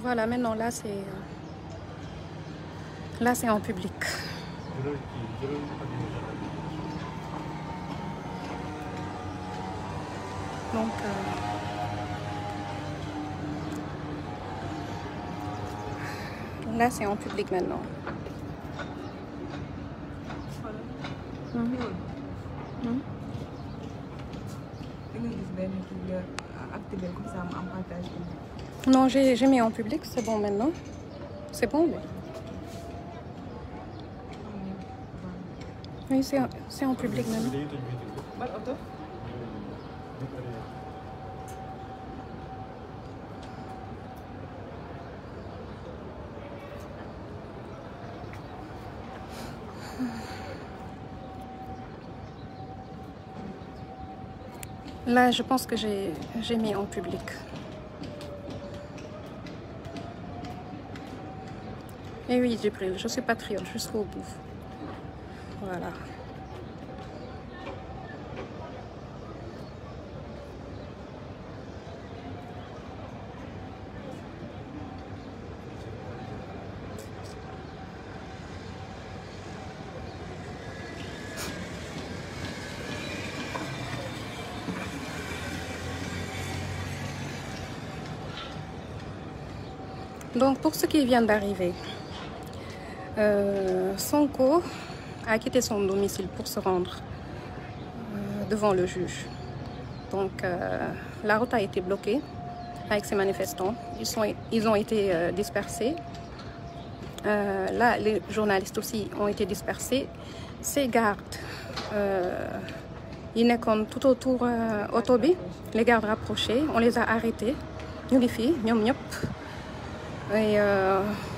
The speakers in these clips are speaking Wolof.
Voilà, maintenant là c'est euh, c'est en public. Donc euh, Là, c'est en public maintenant. Mmh. Mmh. da Non, j'ai mis en public, c'est bon maintenant. C'est bon, oui. Oui, c'est en, en public maintenant. Là, je pense que j'ai mis en public. Et eh oui, j'ai pris, je suis patriote jusqu'au bout. Voilà. Donc pour ceux qui viennent d'arriver, Euh, Sonko a quitté son domicile pour se rendre euh, devant le juge. Donc euh, la route a été bloquée avec ces manifestants. Ils, sont, ils ont été euh, dispersés. Euh, là, les journalistes aussi ont été dispersés. Ces gardes, euh, ils nekkoon tout autour oto bi les gardes rapprochés on les a arrêtés ñu ngi fii ñoom ñëpp et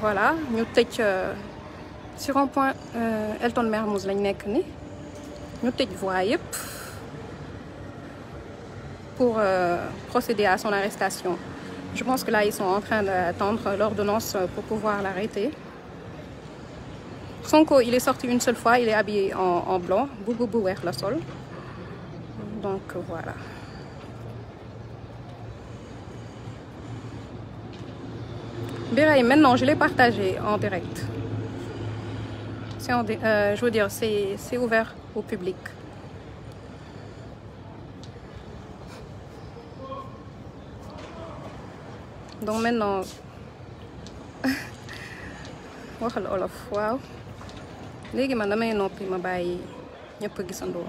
voilà ñu tëj ci rond point euh, Elton Mermoz lañ nekk ni ñu tëj voie yëpp pour euh, procéder à son arrestation je pense que là ils sont en train d'attendre l'ordonnance pour pouvoir l'arrêter Sonko il est sorti une seule fois il est habillé en blanc mbubb bu weex la sol donc voilà maintenant je l'ai partagé en direct option, de, euh, je veux dire, c'est ouvert au public. Donc maintenant, waxal olof waaw léegi man damay noppi ma bàyyi ñëpp gisandoo.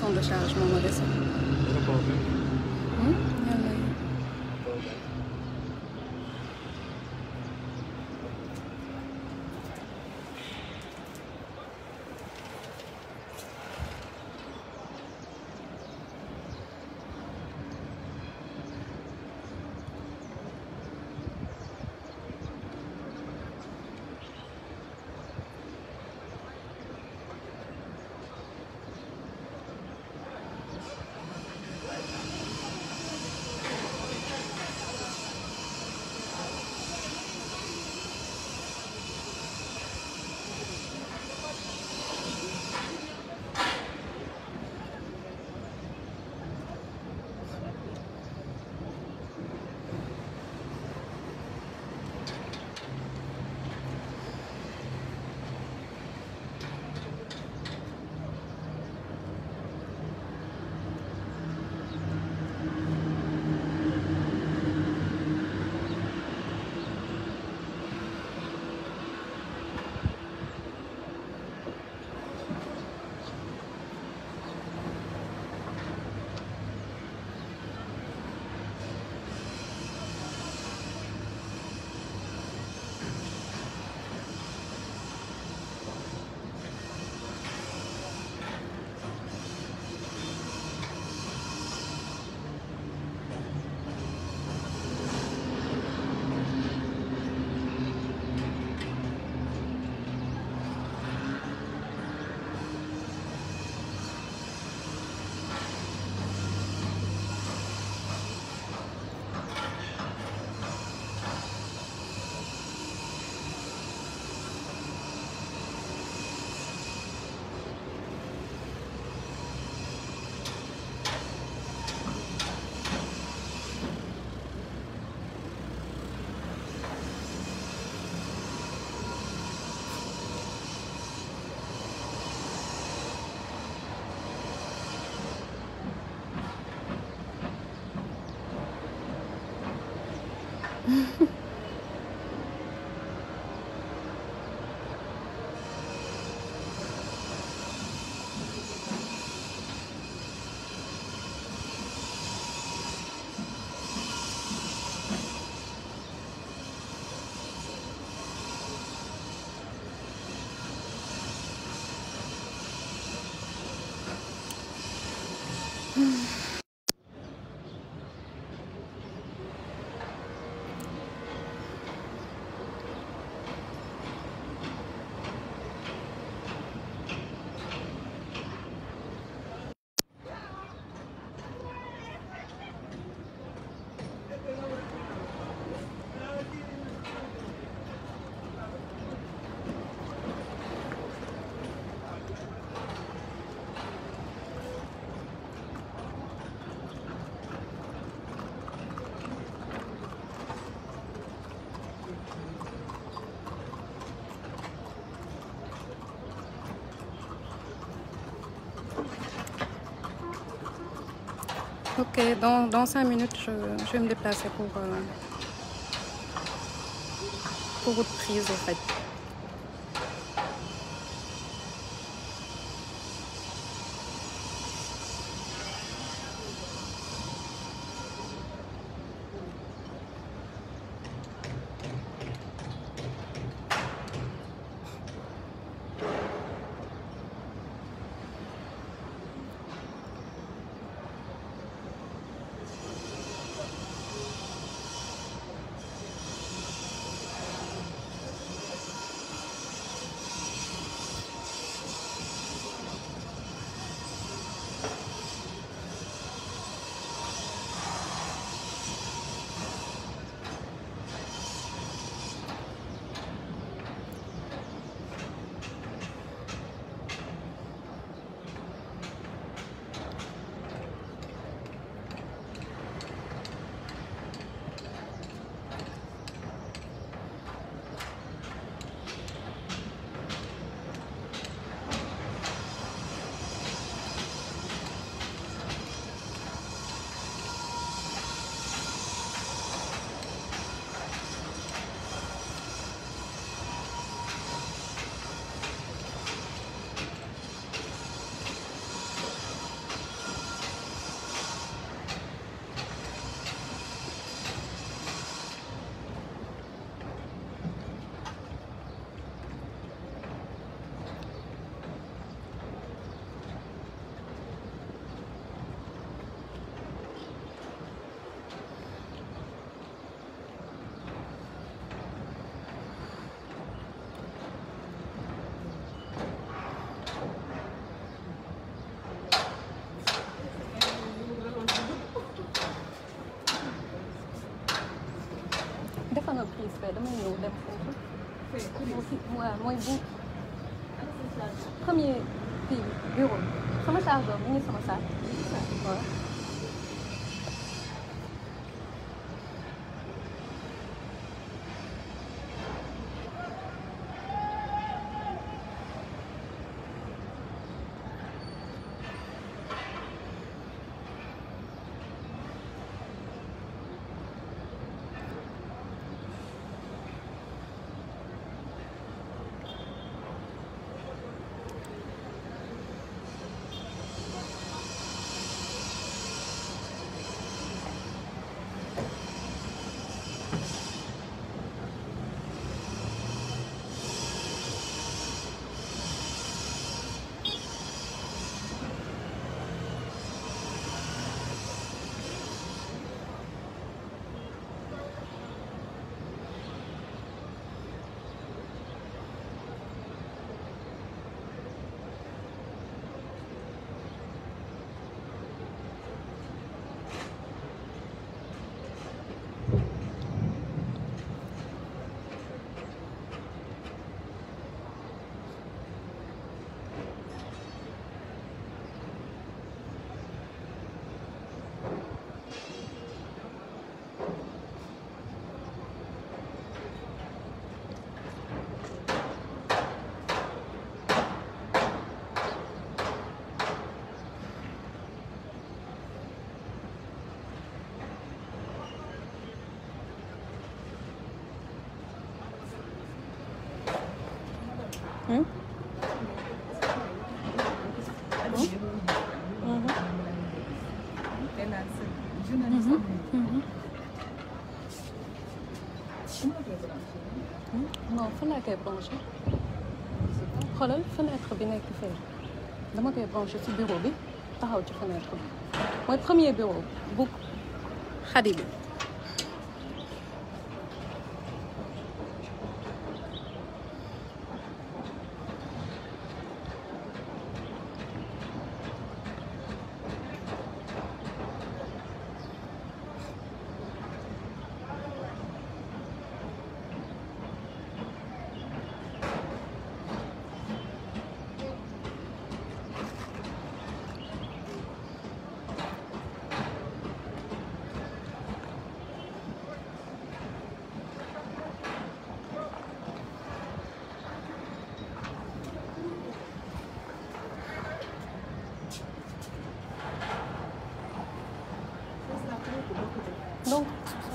son de charge moom a dese. Ok, dans, dans 5 minutes, je, je, vais me déplacer pour, euh, pour votre prise, en fait. mooy bu premier kii bureau sama charge boobu mu ngi sama saak. fan laa koy branché xoolal fenêtre bi nekk fee dama koy branché ci bureau bi taxaw ci fenêtre bi mooy premier bureau bu xadi bi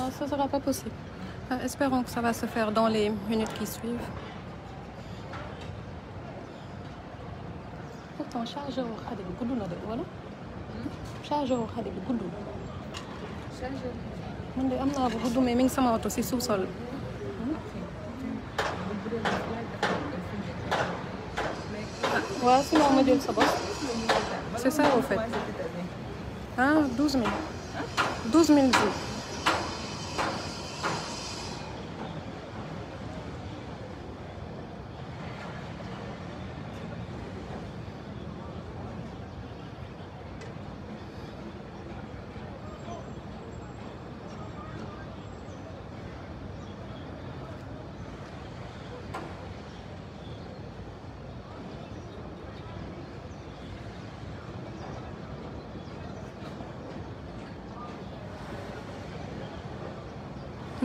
Non, ce ne sera pas possible. Euh, espérons que ça va se faire dans les minutes qui suivent. pourtant chargeur wu xale bi gudd na de wala. chargeur wu xale bi gudd. chargeur man de am naa bu gudd mais mi ngi sama oto si sous-sol bi. ah waaw sinon ma jël sa bopp. c'est ça au fait. ah 12000. 12000 jours.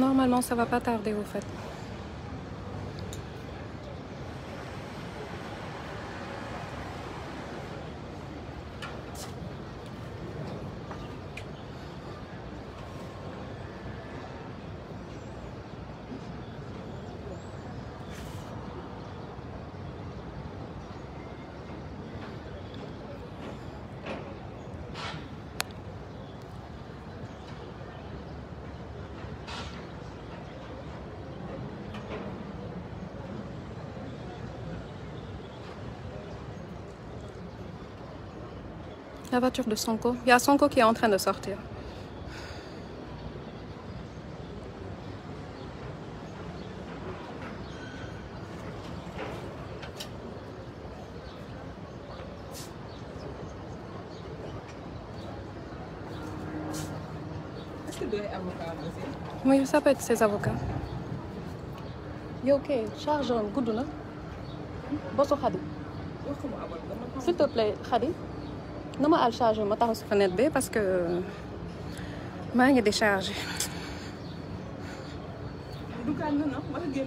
Normalement, ça va pas tarder au fait. La voiture de Sonko. Il y a Sonko qui est en train de sortir. Oui, ça peut être ses avocats. yow kay charge gudd na bosu Xadi. s'il te plaît Xadi. dama al chargé ma taxaw si fenêtre bi parce que maa ngi e déchargé.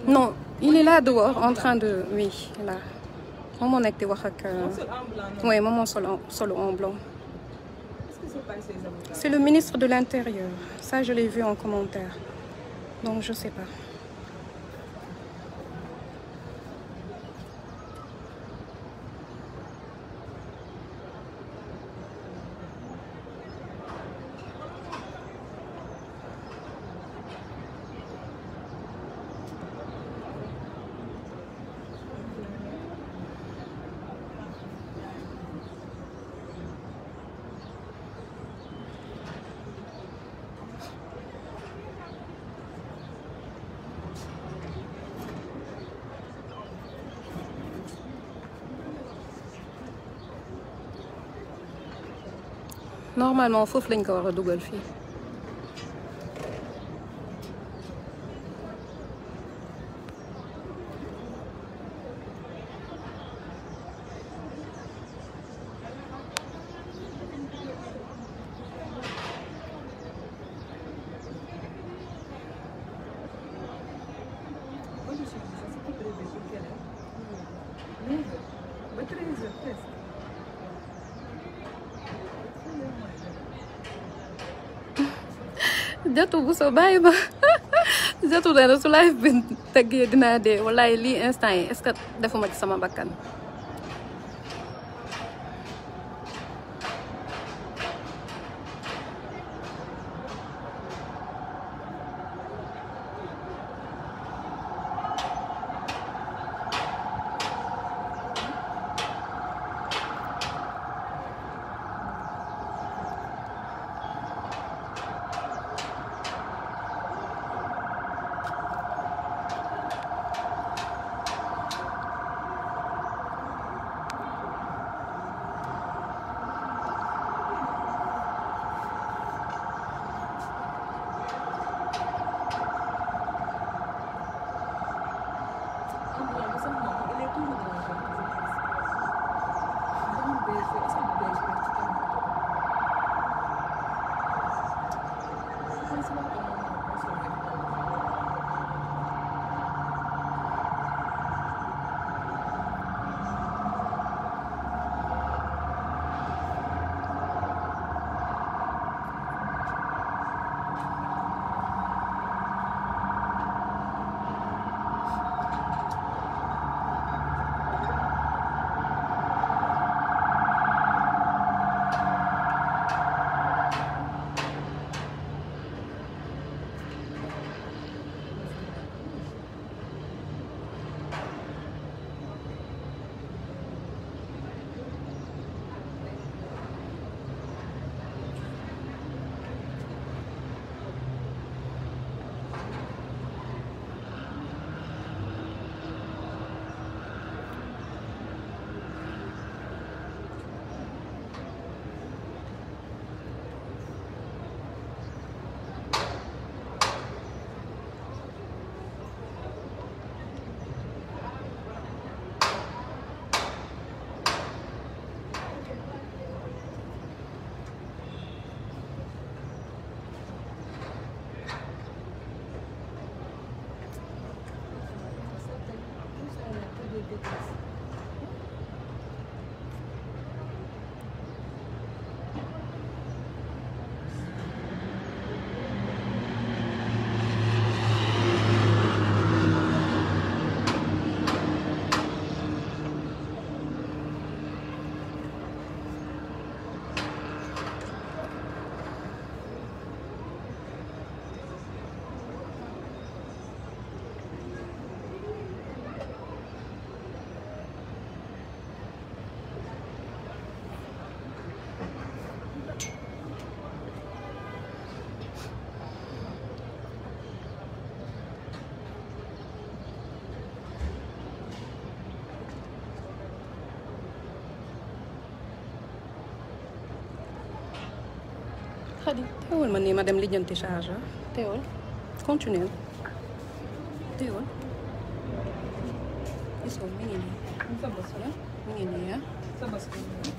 non il est là dehors en train de oui là moom moo nekk di wax ak. oui moom moo sol solo en blanc. c'est le ministre de l'intérieur ça je l'ai vu en commentaire donc je sais pas. normalement foofu lañ ko war a dugal fii jatu bu soo bàyyi ba jatu dana su laay bi tëggee dinaa dee wallaay lii instant yi est-ce que defuma ci sama bakkan teewul ma nii ma dem lijjanti charge ah teewul continuer teewul gisoo mi ngi nii. sa bës la mi ngi nii ah. sa bës la.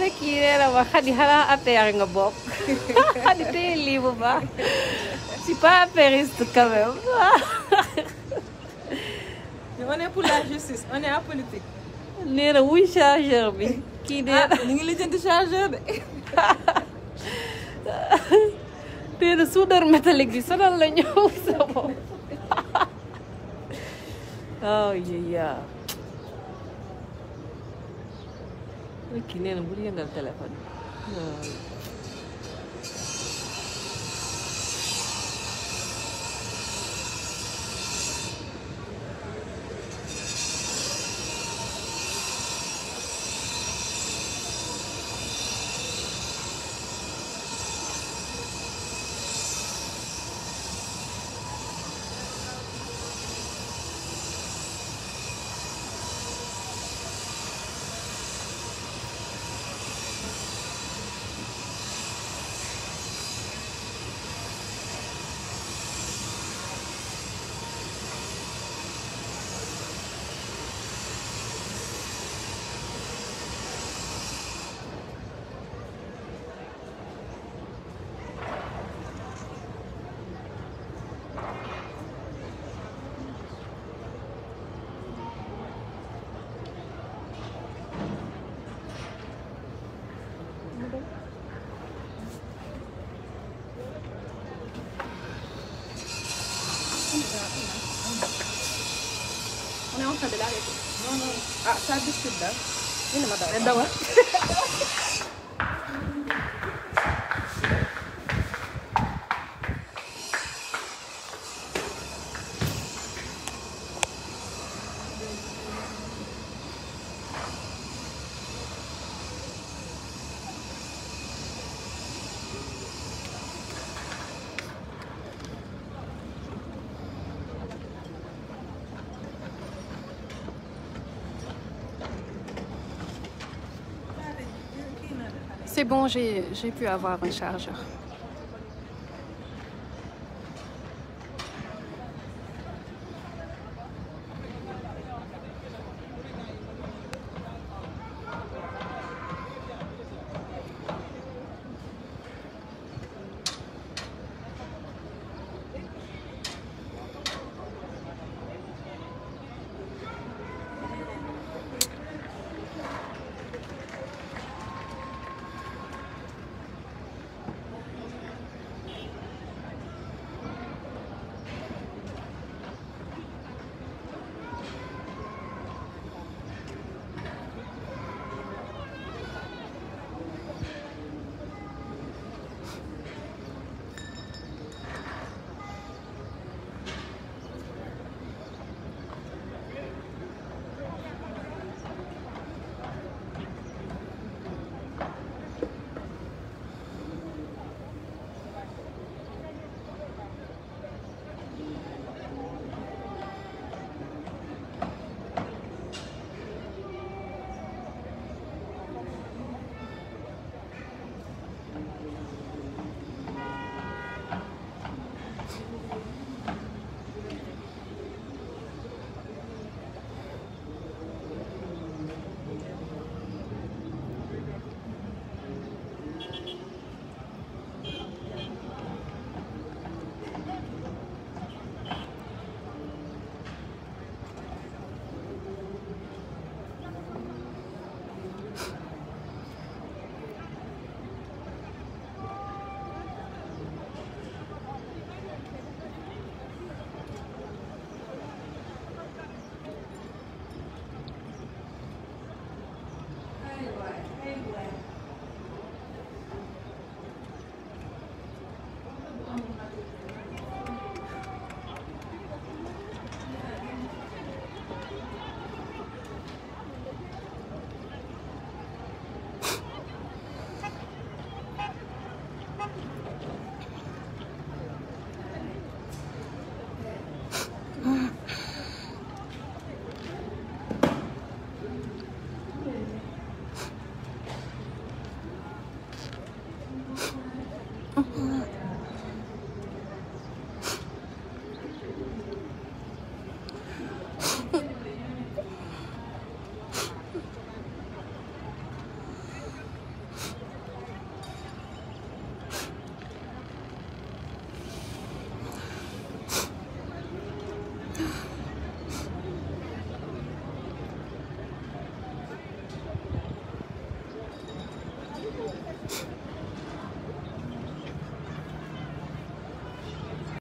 wala kii nee na ma xadi xanaa affaire nga bokk xadi téye lii bu baax je suis pas affairiste quand wuy chargeur bi. kii nee na ñu ngi lijjanti chargeur de. nee na soudeur bi sonal la ñëw sa bopp. oh kii nee na bul yëngal téléphone sa biscuit daal. bon, j'ai pu avoir un chargeur.